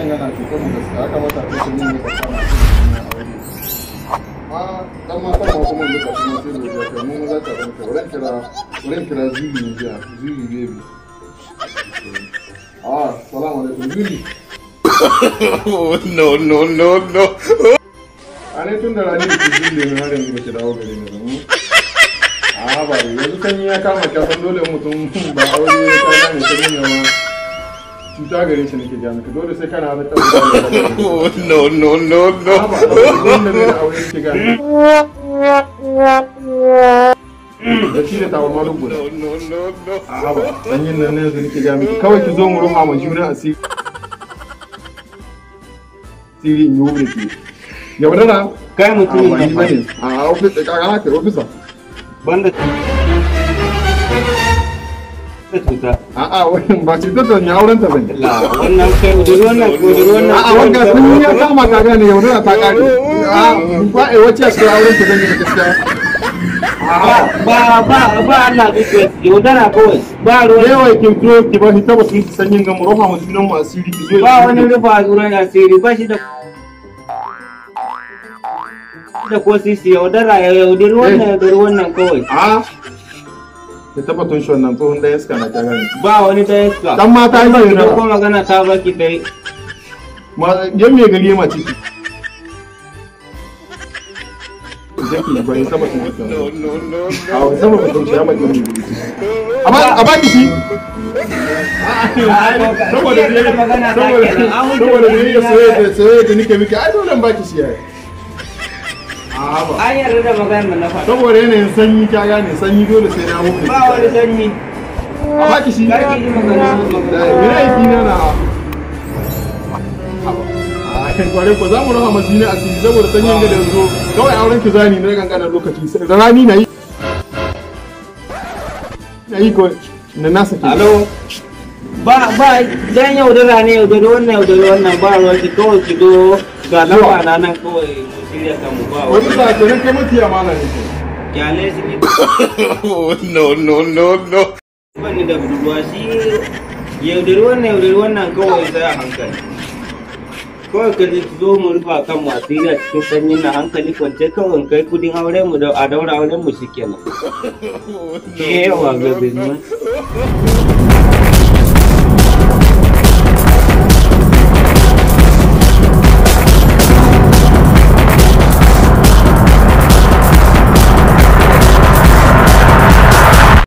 hakan yana cutar mu gaskiya ta sun a dan mata ba kuma da ka kuma ka mun za ka kira ne ah no no no no a ne ne a yanzu dole mutum ba ma cuta gare shi nake dole sai kana haɗa oh, no no no no da shi ne a haba ɗan yin nan yanzu nake gaya kawai ki zo mu ma juna in yi ki na kai mutum ne a ofis ofisa banda A'a wannan ba cutar da wani auren ta ba ne. Wannan kai budurwar nan budurwar nan. A'a wanga sun ya kama ta gane yaudara ta kare. A'a ba a wacce ta auren ta gane da gaskiya. Ba ba ba Allah kike yaudara kawai. Ba ruwa. Yawa kin fito ki ba ni tabbata kin san yin gamu mu junan mu asiri ki zo. Ba wani rufa junan asiri ba shi da da ko sisi yaudara ya wannan yaudari wannan kawai. ki taba tushe wannan tsohon ɗayan iska na tare ba wani ɗayan iska dan mata yi zai ko magana ta baki ɗaya yan mai gari ma ciki jaki ba ya saba kuma a wani saba ba tauce ya maki mai gari a baki shi saboda da ya saboda da ya soyayya da nike miki ai dole baki shi yayi an yarda da maganar na nafa. saboda yanayin sanyi ka gane sanyi dole sai na muku ba wani sanyi a baki shi ya yi magana na kware ko za mu rama masu ne a cikin saboda sanyin da yanzu kawai auren ki zani na kankanar lokaci rani na yi na yi ko na nasa ke alo ba ba dan yaudara ne yaudara wannan yaudara wannan ba ruwa ki kawai ki do ga lamba na nan kawai mu shirya kan mu ba wani sa ke nan kai mafiya ne ke yale su ne no no no no ban ni da budurwa shi yaudari wannan yaudari wannan kawai sai a hankali kawai ka zo mu rufa kan mu asiri a cikin sanyi na hankali kwance kawai kai kudin aure mu a daura aure mu shikenan yawa ga bizman